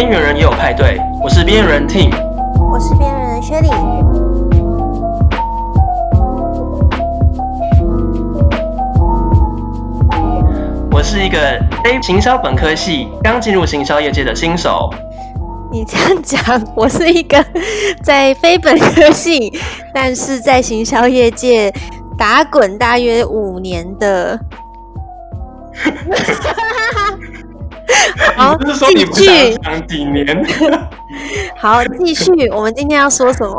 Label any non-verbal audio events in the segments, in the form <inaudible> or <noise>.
邊緣人也有派對，我是邊緣人 Tim。我是邊緣人 Sherry，我是一個非行銷本科系剛進入行銷業界的新手。你這樣講，我是一個在非本科系，但是在行銷業界打滾大約五年的。 <laughs> <laughs> 好，繼續。 <laughs> 好，繼續。我們今天要說什麼？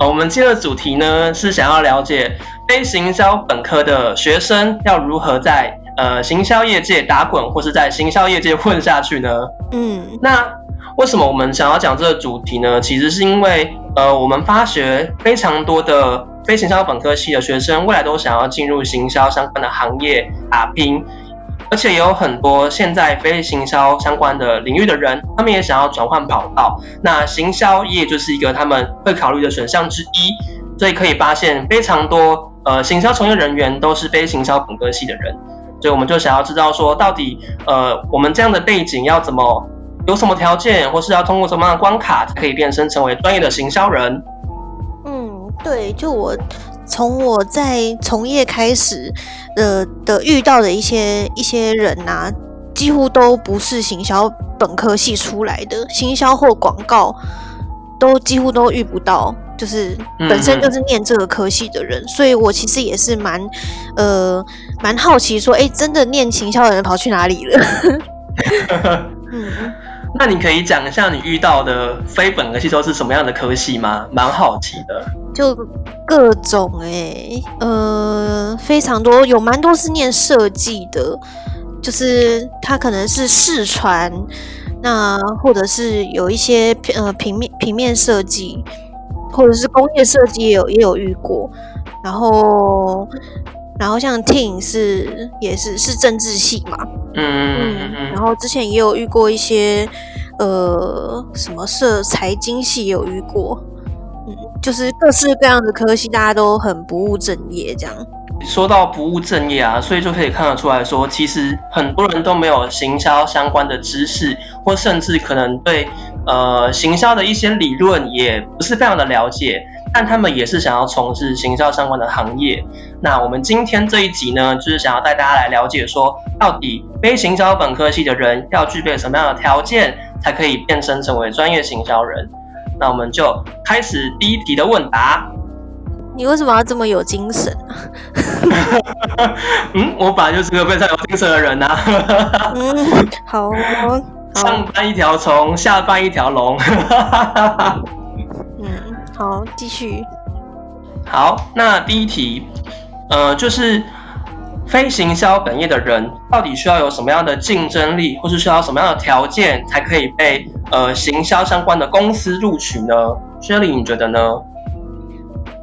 哦，我們今天的主題呢是想要了解非行銷本科的學生要如何在呃行銷業界打滾，或是在行銷業界混下去呢？嗯，那為什麼我們想要講這個主題呢？其實是因為呃，我們發覺非常多的非行銷本科系的學生未來都想要進入行銷相關的行業打拼。而且也有很多現在非行銷相關的領域的人，他們也想要轉換跑道，那行銷業就是一個他們會考慮的選項之一。所以可以發現非常多呃行銷從業人員都是非行銷本科系的人，所以我們就想要知道說到底呃我們這樣的背景要怎麼有什麼條件，或是要通過什麼樣的關卡才可以變身成為專業的行銷人？嗯，對，就我。從我在從業開始的，呃的遇到的一些一些人吶，啊，幾乎都不是行銷本科系出來的，行銷或廣告都幾乎都遇不到，就是本身就是念這個科系的人，嗯、哼所以我其實也是蠻呃蠻好奇說，說、欸、哎，真的念行銷的人跑去哪裡了？ <laughs> 嗯。那你可以講一下你遇到的非本科系都是什麼樣的科系嗎？蠻好奇的。就各種哎、欸，呃，非常多，有蠻多是念設計的，就是他可能是視傳，那或者是有一些、呃、平面、平面設計，或者是工業設計也有也有遇過，然後。然後像 Team 是也是是政治系嘛，嗯嗯，嗯嗯然後之前也有遇過一些呃什麼社財經系也有遇過，嗯，就是各式各樣的科系，大家都很不務正業這樣。說到不務正業啊，所以就可以看得出來說，其實很多人都沒有行銷相關的知識，或甚至可能對呃行銷的一些理論也不是非常的了解。但他們也是想要從事行銷相關的行業。那我們今天這一集呢，就是想要帶大家來了解說，說到底，非行銷本科系的人要具備什麼樣的條件，才可以變身成為專業行銷人？那我們就開始第一題的問答。你為什麼要這麼有精神？ <laughs> 嗯，我本來就是個非常有精神的人啊 <laughs> 嗯，好、哦。好，上班一條蟲，下班一條龍。 <laughs> 好，繼續。好，那第一題，呃，就是非行銷本業的人到底需要有什麼樣的競爭力，或是需要什麼樣的條件，才可以被呃行銷相關的公司錄取呢？Shirley，你覺得呢？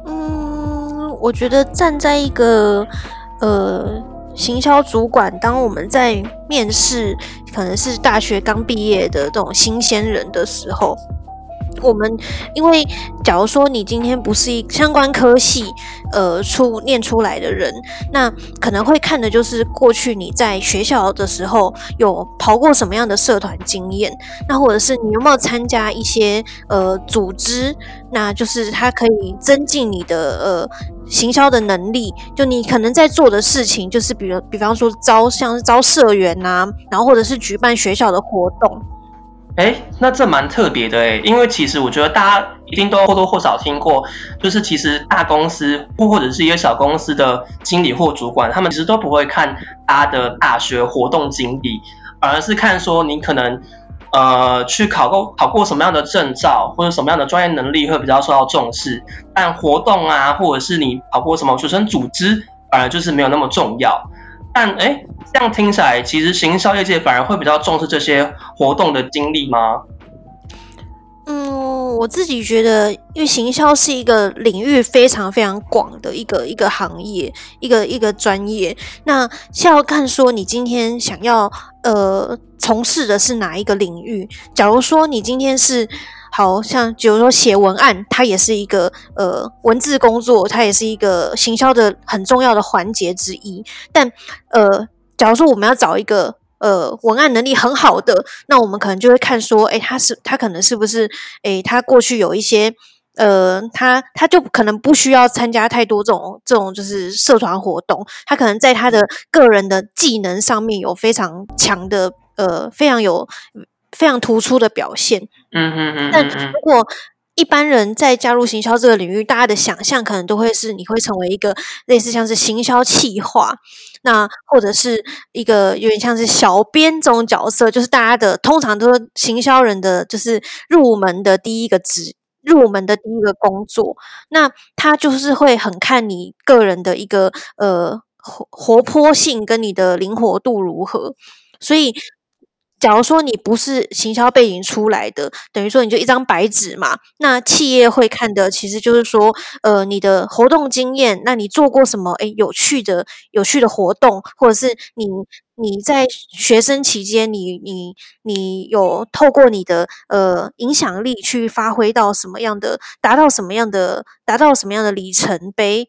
嗯，我覺得站在一個呃行銷主管，當我們在面試可能是大學剛畢業的這種新鮮人的時候。我們因為，假如說你今天不是一相關科系，呃，出念出來的人，那可能會看的就是過去你在學校的時候有跑過什麼樣的社團經驗，那或者是你有沒有參加一些呃組織，那就是它可以增進你的呃行銷的能力。就你可能在做的事情，就是比如，比方說招，像是招社員啊，然後或者是舉辦學校的活動。哎、欸，那這蠻特別的哎、欸，因為其實我覺得大家一定都或多或少聽過，就是其實大公司或，或者是一些小公司的經理或主管，他們其實都不會看他的大學活動經歷，而是看說你可能呃去考過考過什麼樣的證照或者什麼樣的專業能力會比較受到重視，但活動啊或者是你考過什麼學生組織，反而就是沒有那麼重要。但哎，這樣聽起來，其實行銷業界反而會比較重視這些活動的經歷嗎？嗯，我自己覺得，因為行銷是一個領域非常非常廣的一個一個行業，一個一個專業。那要看說你今天想要呃從事的是哪一個領域。假如說你今天是。好像，比如說寫文案，它也是一個呃文字工作，它也是一個行銷的很重要的環節之一。但呃，假如說我們要找一個呃文案能力很好的，那我們可能就會看說，哎、欸，他是他可能是不是哎，他、欸、過去有一些呃，他他就可能不需要參加太多這種這種就是社團活動，他可能在他的個人的技能上面有非常強的呃非常有非常突出的表現。嗯嗯嗯，但如果一般人在加入行銷這個領域，大家的想象可能都會是你會成為一個類似像是行銷企劃，那或者是一個有點像是小編這種角色，就是大家的通常都是行銷人的就是入門的第一個職，入門的第一個工作，那他就是會很看你個人的一個呃活活潑性跟你的靈活度如何，所以。假如說你不是行銷背景出來的，等於說你就一張白紙嘛。那企業會看的，其實就是說，呃，你的活動經驗，那你做過什麼？哎，有趣的、有趣的活動，或者是你你在學生期間你，你你你有透過你的呃影響力去發揮到什麼樣的，達到什麼樣的，達到什麼樣的里程碑？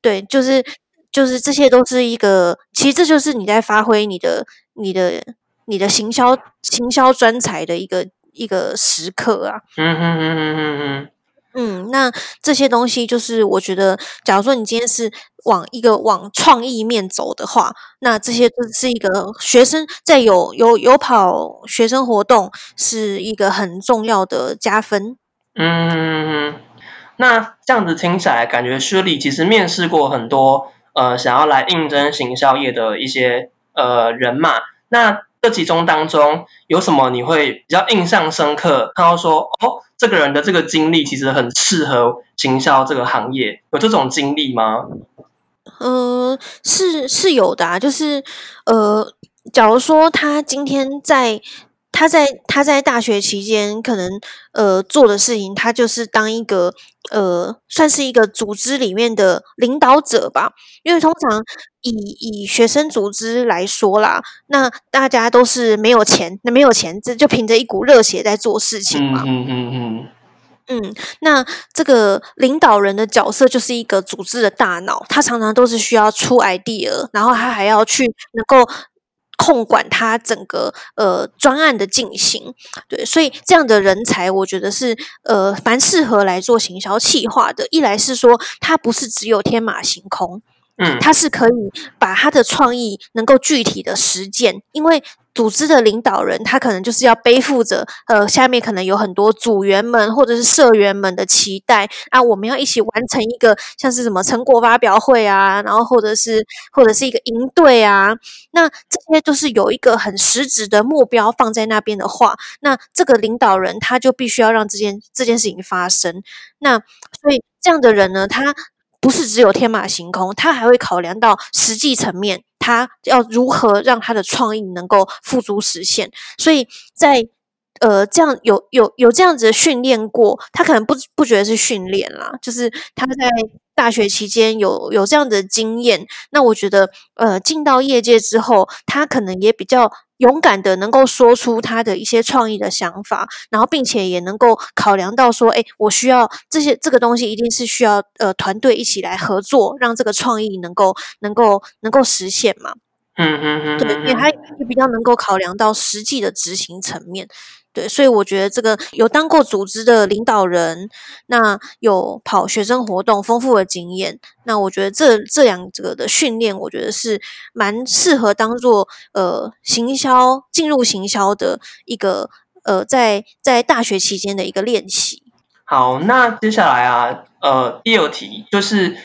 對，就是就是這些都是一個，其實這就是你在發揮你的你的。你的行銷行銷專才的一個一個時刻啊，嗯哼哼哼哼哼。嗯，那這些東西就是我覺得，假如說你今天是往一個往創意面走的話，那這些都是一個學生在有有有跑學生活動是一個很重要的加分。嗯，哼哼。那這樣子聽起來，感覺 Shirley 其實面試過很多呃想要來應徵行銷業的一些呃人嘛，那。這其中當中有什麼你會比較印象深刻？看到說，哦，這個人的這個經歷其實很適合行銷這個行業，有這種經歷嗎？嗯、呃，是是有的啊，就是呃，假如說他今天在。他在他在大學期間，可能呃做的事情，他就是當一個呃，算是一個組織裡面的領導者吧。因為通常以以學生組織來說啦，那大家都是沒有錢，那沒有錢，這就憑着一股熱血在做事情嘛。嗯嗯嗯嗯，那這個領導人的角色就是一個組織的大腦，他常常都是需要出 idea，然後他還要去能夠。控管他整個呃專案的進行，對，所以這樣的人才，我覺得是呃，蠻適合來做行銷企劃的，一來是說他不是只有天馬行空，嗯，他是可以把他的創意能夠具體的實踐，因為。組織的領導人，他可能就是要背負着，呃，下面可能有很多組員們或者是社員們的期待啊，我們要一起完成一個像是什麼成果發表會啊，然後或者是或者是一個營隊啊，那這些都是有一個很實質的目標放在那邊的話，那這個領導人他就必須要讓這件這件事情發生。那所以這樣的人呢，他不是只有天馬行空，他還會考量到實際層面。他要如何讓他的創意能夠付諸實現？所以在呃這樣有有有這樣子的訓練過，他可能不不覺得是訓練啦，就是他在大學期間有有這樣的經驗，那我覺得呃進到業界之後，他可能也比較。勇敢的，能夠說出他的一些創意的想法，然後並且也能夠考量到說，哎，我需要這些這個東西，一定是需要呃團隊一起來合作，讓這個創意能夠能夠能夠實現嘛。嗯嗯嗯，嗯嗯嗯對，也還也比較能夠考量到實際的執行層面。對，所以我覺得這個有當過組織的領導人，那有跑學生活動，豐富的經驗。那我覺得這這兩者的訓練，我覺得是蠻適合當做呃行銷進入行銷的一個呃在在大學期間的一個練習。好，那接下來啊，呃，第二題就是，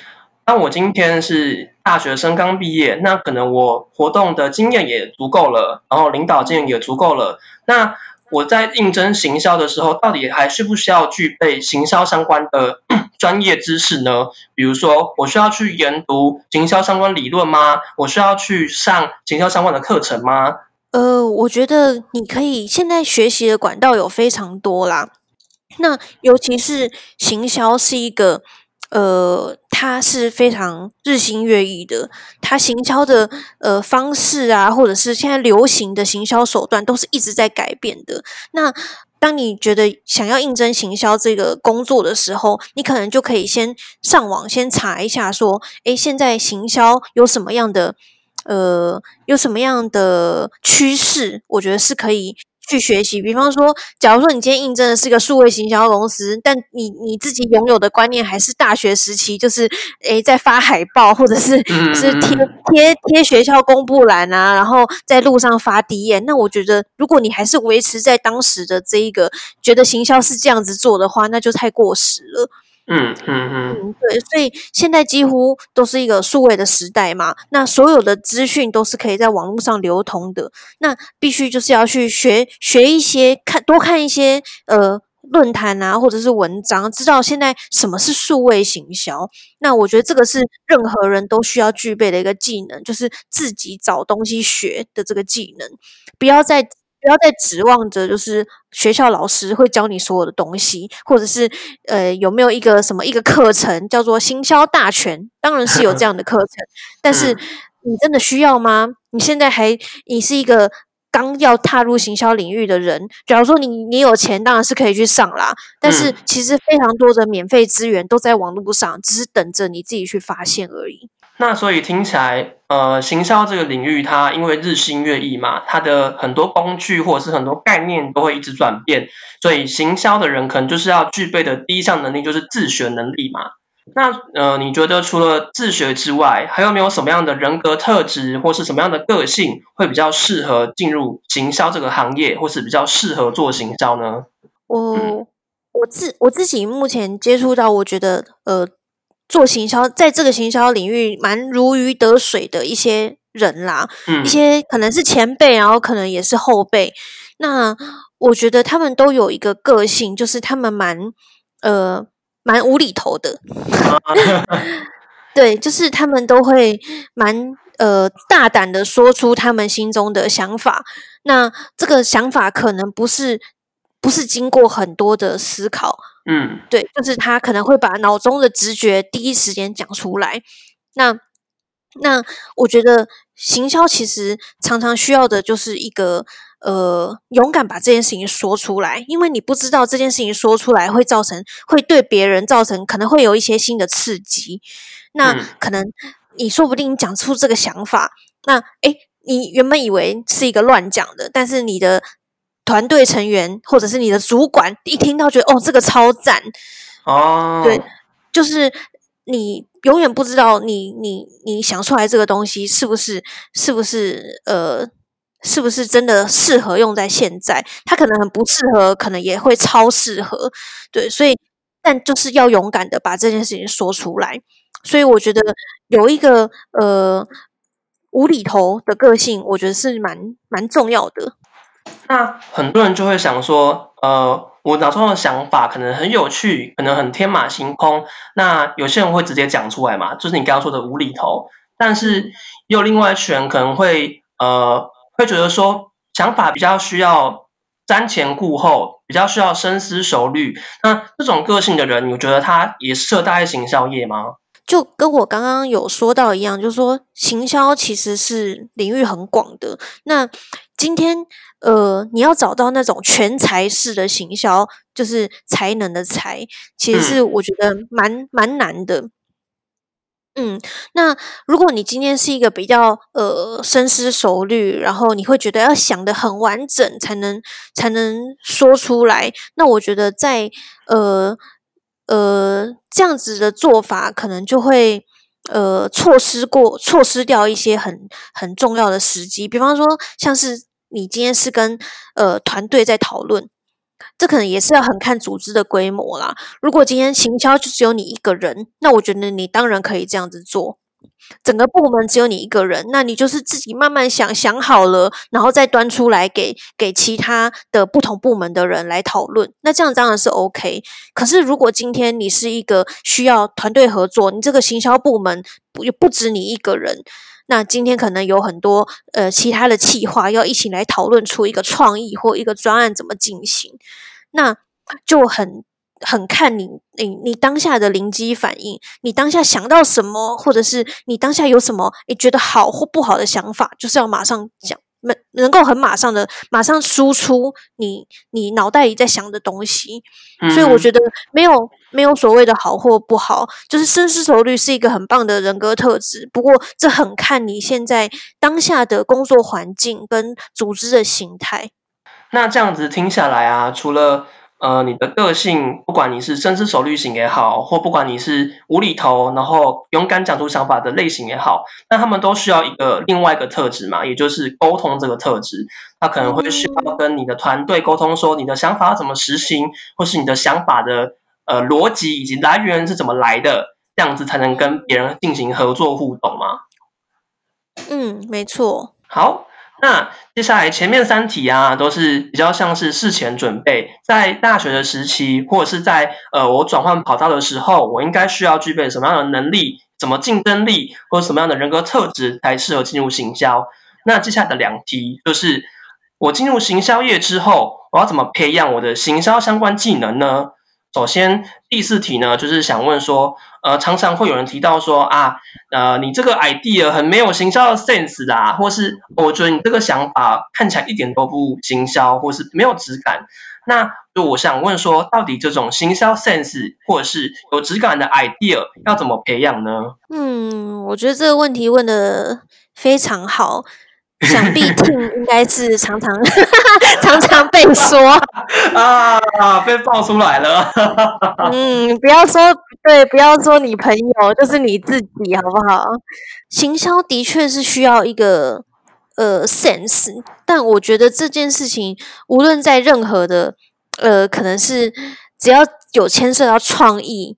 當我今天是大學生剛畢業，那可能我活動的經驗也足夠了，然後領導經驗也足夠了，那。我在應徵行銷的時候，到底還需不需要具備行銷相關的專業知識呢？比如說，我需要去研讀行銷相關理論嗎？我需要去上行銷相關的課程嗎？呃，我覺得你可以現在學習的管道有非常多啦。那尤其是行銷是一個。呃，它是非常日新月異的，它行銷的呃方式啊，或者是現在流行的行銷手段，都是一直在改變的。那當你覺得想要應徵行銷這個工作的時候，你可能就可以先上網先查一下，說，誒，現在行銷有什麼樣的呃，有什麼樣的趨勢？我覺得是可以。去學習，比方說，假如說你今天應徵的是一個數位行銷公司，但你你自己擁有的觀念還是大學時期，就是誒、欸，在發海報，或者是，就是貼貼貼學校公布欄啊，然後在路上發地頁。那我覺得，如果你還是維持在當時的這一個，覺得行銷是這樣子做的話，那就太過時了。嗯嗯嗯，對，所以現在幾乎都是一個數位的時代嘛，那所有的資訊都是可以在網絡上流通的，那必須就是要去學學一些，看多看一些，呃，論壇啊，或者是文章，知道現在什麼是數位行銷，那我覺得這個是任何人都需要具備的一個技能，就是自己找東西學的這個技能，不要再。不要再指望着，就是學校老師會教你所有的東西，或者是呃有沒有一個什麼一個課程叫做行銷大全？當然是有這樣的課程，但是你真的需要嗎？你現在還你是一個剛要踏入行銷領域的人，假如說你你有錢，當然是可以去上啦。但是其實非常多的免費資源都在網絡上，只是等着你自己去發現而已。那所以聽起來，呃，行銷這個領域，它因為日新月異嘛，它的很多工具或者是很多概念都會一直轉變，所以行銷的人可能就是要具備的第一項能力就是自學能力嘛。那呃，你覺得除了自學之外，還有沒有什麼樣的人格特質或是什麼樣的個性會比較適合進入行銷這個行業，或是比較適合做行銷呢？我我自我自己目前接觸到，我覺得呃。做行銷，在這個行銷領域蠻如魚得水的一些人啦，嗯、一些可能是前輩，然後可能也是後輩。那我覺得他們都有一個個性，就是他們蠻呃蠻無厘頭的。 <laughs> 啊、 <laughs> 對，就是他們都會蠻呃大膽的說出他們心中的想法。那這個想法可能不是。不是經過很多的思考，嗯，對，就是他可能會把腦中的直覺第一時間講出來。那那我覺得行銷其實常常需要的就是一個呃，勇敢把這件事情說出來，因為你不知道這件事情說出來會造成，會對別人造成，可能會有一些新的刺激。那、嗯、可能你說不定你講出這個想法，那誒，你原本以為是一個亂講的，但是你的。團隊成員，或者是你的主管，一聽到覺得哦，這個超贊哦，啊、對，就是你永遠不知道你你你想出來這個東西是不是是不是呃是不是真的適合用在現在？他可能很不適合，可能也會超適合，對，所以但就是要勇敢的把這件事情說出來。所以我覺得有一個呃無厘頭的個性，我覺得是蠻蠻重要的。那很多人就會想說，呃，我腦中的想法可能很有趣，可能很天馬行空。那有些人會直接講出來嘛，就是你剛剛說的無厘頭。但是又另外一群人可能會，呃，會覺得說想法比較需要瞻前顧後，比較需要深思熟慮。那這種個性的人，你覺得他也適合待在行銷業嗎？就跟我剛剛有說到一樣，就是說行銷其實是領域很廣的。那今天，呃，你要找到那種全才式的行銷，就是才能的才，其實是我覺得蠻蠻難的。嗯，那如果你今天是一個比較呃深思熟慮，然後你會覺得要想得很完整才能，才能說出來，那我覺得在呃呃這樣子的做法可能就會。呃，錯失過，錯失掉一些很很重要的時機，比方說，像是你今天是跟呃團隊在討論，這可能也是要很看組織的規模啦。如果今天行銷就只有你一個人，那我覺得你當然可以這樣子做。整個部門只有你一個人，那你就是自己慢慢想想好了，然後再端出來給給其他的不同部門的人來討論。那這樣當然是 OK。可是如果今天你是一個需要團隊合作，你這個行銷部門不就不止你一個人，那今天可能有很多呃其他的企劃要一起來討論出一個創意或一個專案怎麼進行，那就很。很看你你你當下的靈機反應，你當下想到什麼，或者是你當下有什麼你覺得好或不好的想法，就是要馬上講，能能夠很馬上的馬上輸出你你腦袋裡在想的東西。嗯哼。所以我覺得沒有沒有所謂的好或不好，就是深思熟慮是一個很棒的人格特質。不過這很看你現在當下的工作環境跟組織的形態。那這樣子聽下來啊，除了。呃，你的個性，不管你是深思熟慮型也好，或不管你是無厘頭，然後勇敢講出想法的類型也好，那他們都需要一個另外一個特質嘛，也就是溝通這個特質。他可能會需要跟你的團隊溝通，說你的想法怎麼實行，或是你的想法的呃邏輯以及來源是怎麼來的，這樣子才能跟別人進行合作互動嘛。嗯，沒錯。好。那接下來前面三題啊，都是比較像是事前準備，在大學的時期，或者是在呃我轉換跑道的時候，我應該需要具備什麼樣的能力，什麼競爭力，或什麼樣的人格特質才適合進入行銷。那接下來的兩題就是，我進入行銷業之後，我要怎麼培養我的行銷相關技能呢？首先，第四題呢，就是想問說，呃，常常會有人提到說啊，呃，你這個 idea 很沒有行銷 sense 啦、啊，或是我覺得你這個想法看起來一點都不行銷，或是沒有質感。那就我想問說，到底這種行銷 sense 或是有質感的 idea 要怎麼培養呢？嗯，我覺得這個問題問得非常好。 <laughs> 想必聽應該是常常 <laughs> 常常被說 <laughs> 啊，被爆出來了。 <laughs> 嗯，不要說對，不要說你朋友，就是你自己，好不好？行銷的確是需要一個呃 sense，但我覺得這件事情無論在任何的呃，可能是只要有牽涉到創意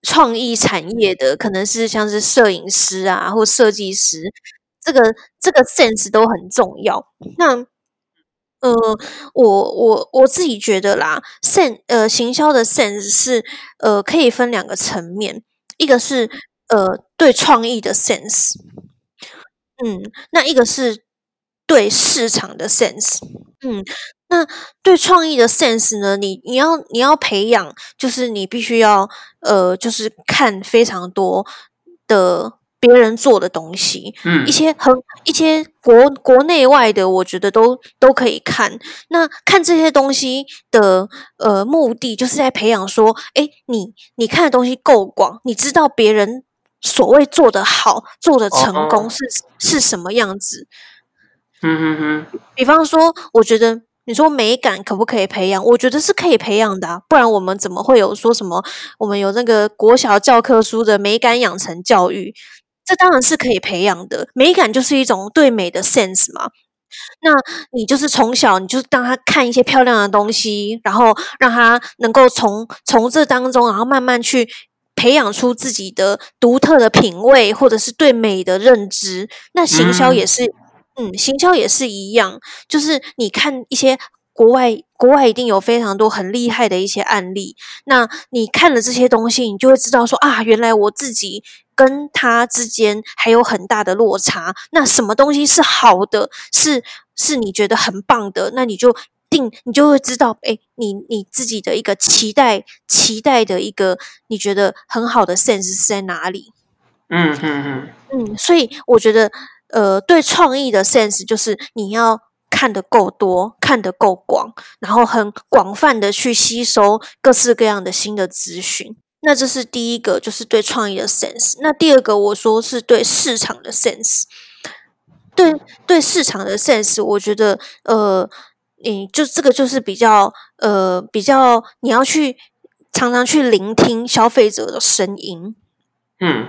創意產業的，可能是像是攝影師啊或設計師。這個這個 sense 都很重要。那呃，我我我自己覺得啦，sense 呃，行銷的 sense 是呃，可以分兩個層面，一個是呃對創意的 sense。嗯，那一個是對市場的 sense，嗯，那對創意的 sense 呢，你你要你要培養，就是你必須要呃，就是看非常多的。別人做的東西，嗯、一些很一些國國內外的，我覺得都都可以看。那看這些東西的呃目的，就是在培養說，誒你你看的東西夠廣，你知道別人所謂做的好做的成功是哦哦是，是什麼樣子。嗯嗯嗯。比方說，我覺得你說美感可不可以培養？我覺得是可以培養的啊，不然我們怎麼會有說什麼？我們有那個國小教科書的美感養成教育。這當然是可以培養的，美感就是一種對美的 sense 嘛。那你就是從小，你就讓他看一些漂亮的東西，然後讓他能夠從從這當中，然後慢慢去培養出自己的獨特的品味，或者是對美的認知。那行銷也是，嗯，嗯，行銷也是一樣，就是你看一些國外，國外一定有非常多很厲害的一些案例。那你看了這些東西，你就會知道說啊，原來我自己。跟他之間還有很大的落差。那什麼東西是好的，是是你覺得很棒的，那你就定，你就會知道，誒，你你自己的一個期待，期待的一個你覺得很好的 sense 是在哪裡？嗯嗯嗯嗯。所以我覺得，呃，對創意的 sense 就是你要看得夠多，看得夠廣，然後很廣泛的去吸收各式各樣的新的資訊。那這是第一個，就是對創意的 sense。那第二個，我說是對市場的 sense。對對市場的 sense，我覺得呃，你就這個就是比較呃，比較你要去常常去聆聽消費者的聲音。嗯。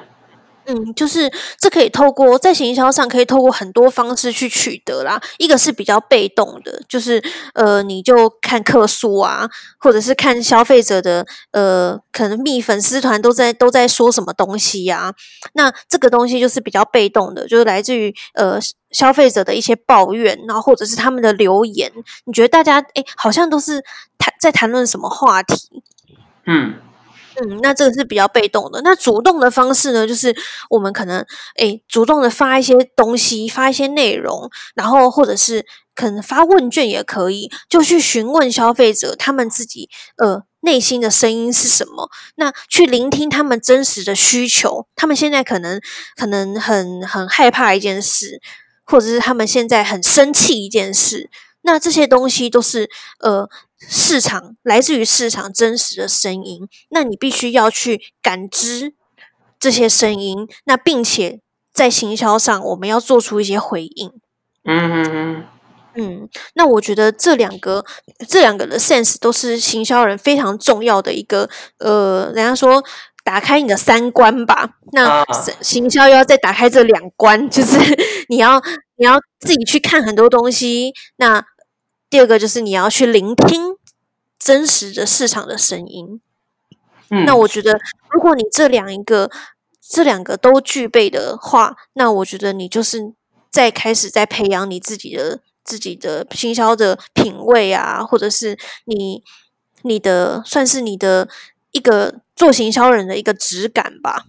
嗯，就是這可以透過在行銷上可以透過很多方式去取得啦。一個是比較被動的，就是呃，你就看客訴啊，或者是看消費者的呃，可能蜜粉絲團都在都在說什麼東西呀、啊。那這個東西就是比較被動的，就是來自於呃消費者的一些抱怨，然後或者是他們的留言。你覺得大家哎，好像都是談在談論什麼話題？嗯。嗯，那這個是比較被動的。那主動的方式呢，就是我們可能誒、欸，主動的發一些東西，發一些內容，然後或者是可能發問卷也可以，就去詢問消費者他們自己呃內心的聲音是什麼，那去聆聽他們真實的需求。他們現在可能可能很很害怕一件事，或者是他們現在很生氣一件事。那這些東西都是呃市場來自於市場真實的聲音，那你必須要去感知這些聲音，那並且在行銷上我們要做出一些回應。嗯嗯嗯，那我覺得這兩個這兩個的 sense 都是行銷人非常重要的一個呃，人家說打開你的三觀吧，那、啊、行銷又要再打開這兩關，就是你要你要自己去看很多東西，那。第二個就是你要去聆聽真實的市場的聲音。嗯，那我覺得，如果你這兩一個，這兩個都具備的話，那我覺得你就是在開始在培養你自己的自己的行銷的品味啊，或者是你你的算是你的一個做行銷人的一個質感吧。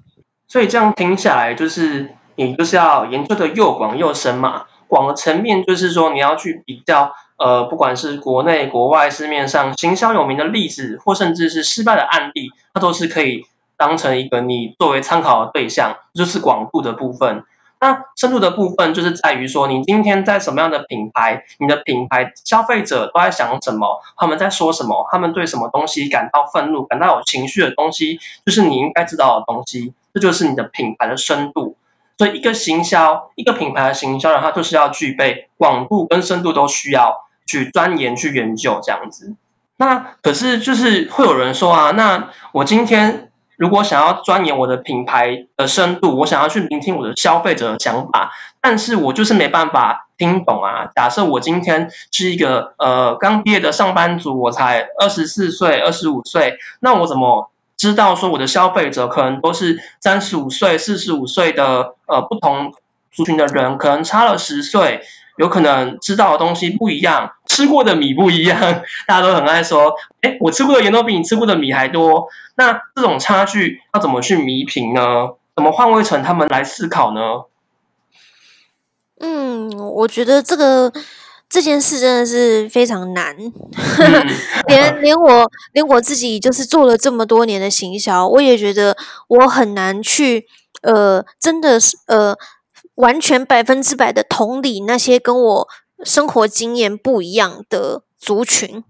所以這樣聽起來，就是你就是要研究得又廣又深嘛。廣的層面就是說你要去比較。呃，不管是國內國外市面上行銷有名的例子，或甚至是失敗的案例，它都是可以當成一個你作為參考的對象，就是廣度的部分。那深度的部分就是在於說，你今天在什麼樣的品牌，你的品牌消費者都在想什麼，他們在說什麼，他們對什麼東西感到憤怒，感到有情緒的東西，就是你應該知道的東西。這就是你的品牌的深度。所以，一個行銷，一個品牌的行銷，它就是要具備廣度跟深度都需要。去鑽研、去研究這樣子，那可是就是會有人說啊，那我今天如果想要鑽研我的品牌的深度，我想要去聆聽我的消費者的想法，但是我就是沒辦法聽懂啊。假設我今天是一個呃剛畢業的上班族，我才二十四歲、二十五歲，那我怎麼知道說我的消費者可能都是三十五歲、四十五歲的呃不同族群的人，可能差了十歲。有可能知道的東西不一樣，吃過的米不一樣，大家都很愛說：“哎，我吃過的鹽都比你吃過的米還多。”那這種差距要怎麼去彌平呢？怎麼換位成他們來思考呢？嗯，我覺得這個這件事真的是非常難， <laughs> 連連我連我自己，就是做了這麼多年的行銷，我也覺得我很難去，呃，真的是呃。完全百分之百的同理那些跟我生活經驗不一樣的族群，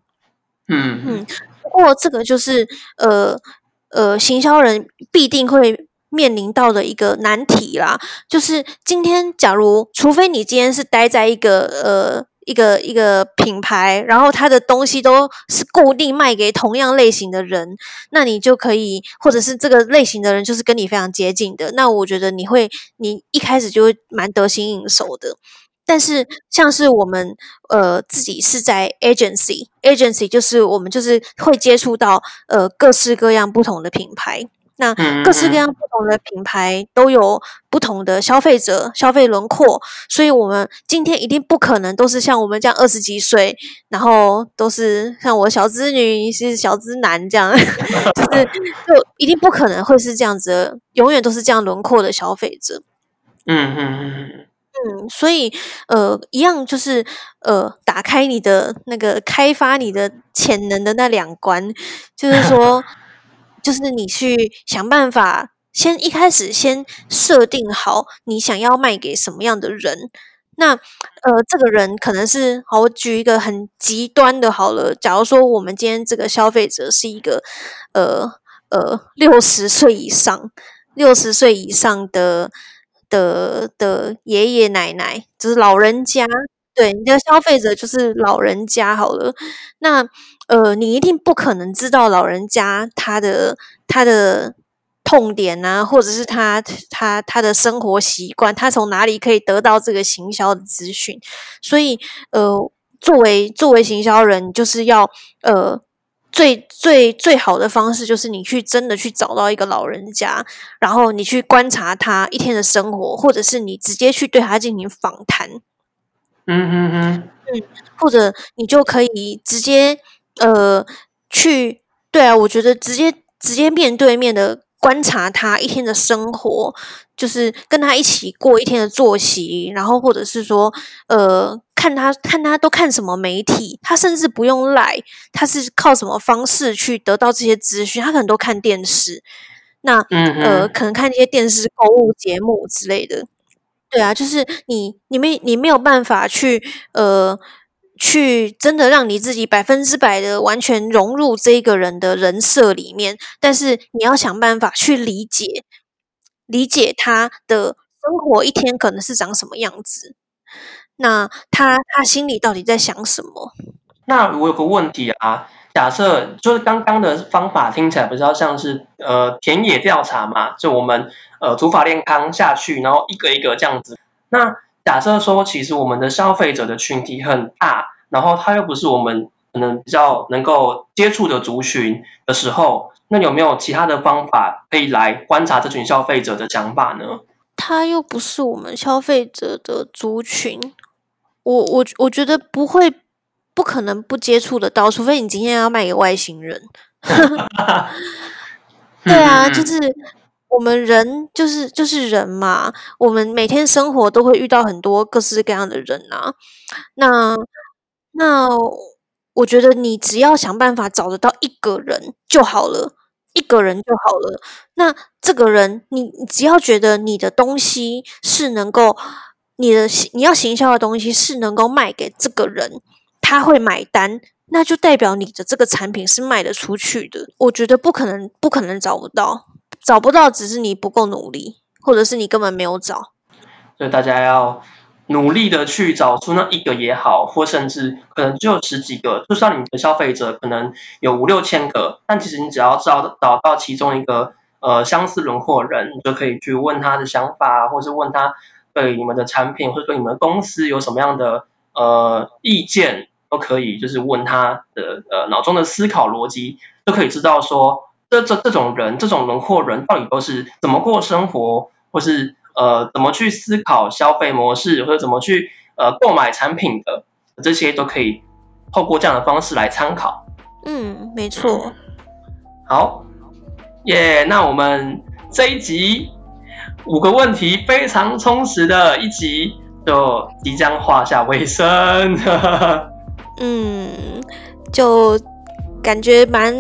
嗯嗯，不過這個就是呃呃，行銷人必定會面臨到的一個難題啦。就是今天，假如除非你今天是待在一個呃。一個一個品牌，然後它的東西都是固定賣給同樣類型的人，那你就可以，或者是這個類型的人就是跟你非常接近的，那我覺得你會，你一開始就會蠻得心應手的。但是像是我們，呃，自己是在 agency，agency 就是我們就是會接觸到，呃，各式各樣不同的品牌。那各式各樣不同的品牌都有不同的消費者消費輪廓，所以我們今天一定不可能都是像我們這樣二十幾歲，然後都是像我小資女是小資男這樣，就是就一定不可能會是這樣子，永遠都是這樣輪廓的消費者。嗯嗯嗯嗯，所以呃，一樣就是呃，打開你的那個開發你的潛能的那兩關，就是說。就是你去想辦法，先一開始先設定好你想要賣給什麼樣的人。那呃，這個人可能是好，我舉一個很極端的，好了。假如說我們今天這個消費者是一個呃呃六十歲以上、六十歲以上的的的爺爺奶奶，就是老人家，對，你的消費者就是老人家好了。那呃，你一定不可能知道老人家他的他的痛點啊，或者是他他他的生活習慣，他從哪裡可以得到這個行銷的資訊。所以，呃，作為作為行銷人，就是要呃最最最好的方式，就是你去真的去找到一個老人家，然後你去觀察他一天的生活，或者是你直接去對他進行訪談。嗯嗯嗯嗯，或者你就可以直接。呃，去對啊，我覺得直接直接面對面的觀察他一天的生活，就是跟他一起過一天的作息，然後或者是說，呃，看他看他都看什麼媒體，他甚至不用賴，他是靠什麼方式去得到這些資訊？他可能都看電視，那嗯嗯呃，可能看一些電視購物節目之類的。對啊，就是你你沒你沒有辦法去呃。去真的讓你自己百分之百的完全融入這個人的人設裡面，但是你要想辦法去理解，理解他的生活一天可能是長什麼樣子，那他他心裡到底在想什麼？那我有個問題啊，假設就是剛剛的方法聽起來比較像是呃田野調查嘛，就我們呃土法煉鋼下去，然後一個一個這樣子，那。假設說，其實我們的消費者的群體很大，然後他又不是我們可能比較能夠接觸的族群的時候，那有沒有其他的方法可以來觀察這群消費者的講法呢？他又不是我們消費者的族群，我我我覺得不會，不可能不接觸得到，除非你今天要賣給外星人。對啊，就是。我們人就是就是人嘛，我們每天生活都會遇到很多各式各樣的人啊。那那我覺得你只要想辦法找得到一個人就好了，一個人就好了。那這個人，你你只要覺得你的東西是能夠你的你要行銷的東西是能夠賣給這個人，他會買單，那就代表你的這個產品是賣得出去的。我覺得不可能，不可能找不到。找不到，只是你不夠努力，或者是你根本沒有找。所以大家要努力的去找出那一個也好，或甚至可能只有十幾個，就算你的消費者可能有五六千個，但其實你只要找找到其中一個，呃，相似輪廓人，你就可以去問他的想法，或是問他對你們的產品，或者說你們公司有什麼樣的呃意見，都可以，就是問他的呃腦中的思考邏輯，就可以知道說。這這這種人，這種輪廓人到底都是怎麼過生活，或是呃怎麼去思考消費模式，或者怎麼去呃購買產品的，這些都可以透過這樣的方式來參考。嗯，沒錯。錯好，耶、yeah！那我們這一集五個問題非常充實的一集，就即將畫下尾聲。 <laughs> 嗯，就感覺蠻。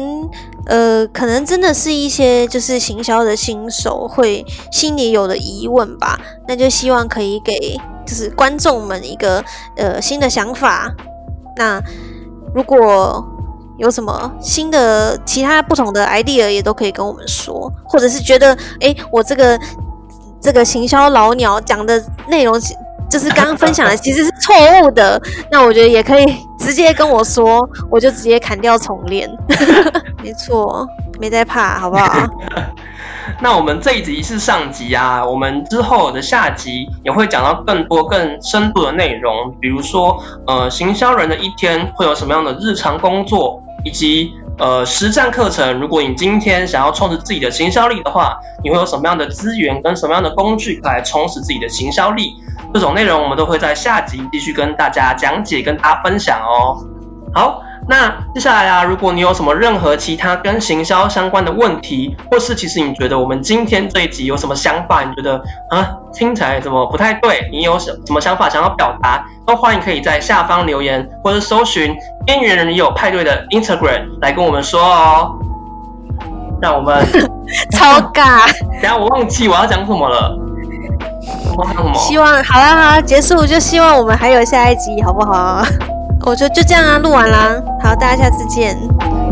呃，可能真的是一些就是行銷的新手會心裡有的疑問吧，那就希望可以給就是觀眾們一個呃新的想法。那如果有什麼新的其他不同的 idea 也都可以跟我們說，或者是覺得誒、欸，我這個這個行銷老鳥講的內容。就是剛剛分享的其實是錯誤的，那我覺得也可以直接跟我說，我就直接砍掉重練。 <laughs> 沒錯，沒在怕，好不好？ <laughs> 那我們這一集是上集啊，我們之後的下集也會講到更多更深度的內容，比如說呃，行銷人的一天會有什麼樣的日常工作，以及。呃，實戰課程，如果你今天想要充實自己的行銷力的話，你會有什麼樣的資源跟什麼樣的工具來充實自己的行銷力？這種內容我們都會在下集繼續跟大家講解、跟大家分享哦。好，那接下來啊，如果你有什麼任何其他跟行銷相關的問題，或是其實你覺得我們今天這一集有什麼想法，你覺得，啊，聽起來怎麼不太對？你有什什麼想法想要表達？都歡迎可以在下方留言，或者搜尋“邊緣人有派對”的 Instagram 來跟我們說哦。讓我們 <laughs> 超尬嘎， <laughs> 等下我忘記我要講什麼了。我要講什麼？希望好了好啦，結束就希望我們還有下一集，好不好？我就就這樣啊，錄完了。好，大家下次見。